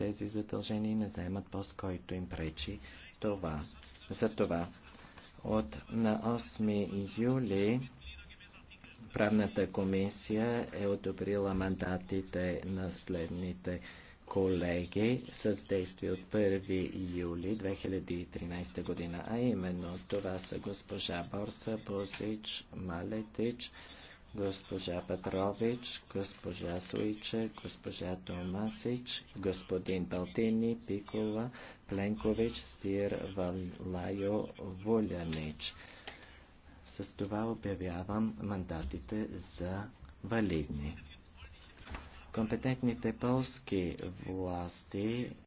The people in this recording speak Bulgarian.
тези задължения и не заемат пост, който им пречи това. За това от на 8 юли правната комисия е одобрила мандатите на следните колеги с действие от 1 юли 2013 година, а именно това са госпожа Борса, Бозич, Малетич, госпожа Петрович, госпожа Суиче, госпожа Томасич, господин Балтини, Пикова, Пленкович, Стир, Валайо, Волянич. С това обявявам мандатите за валидни. Компетентните полски власти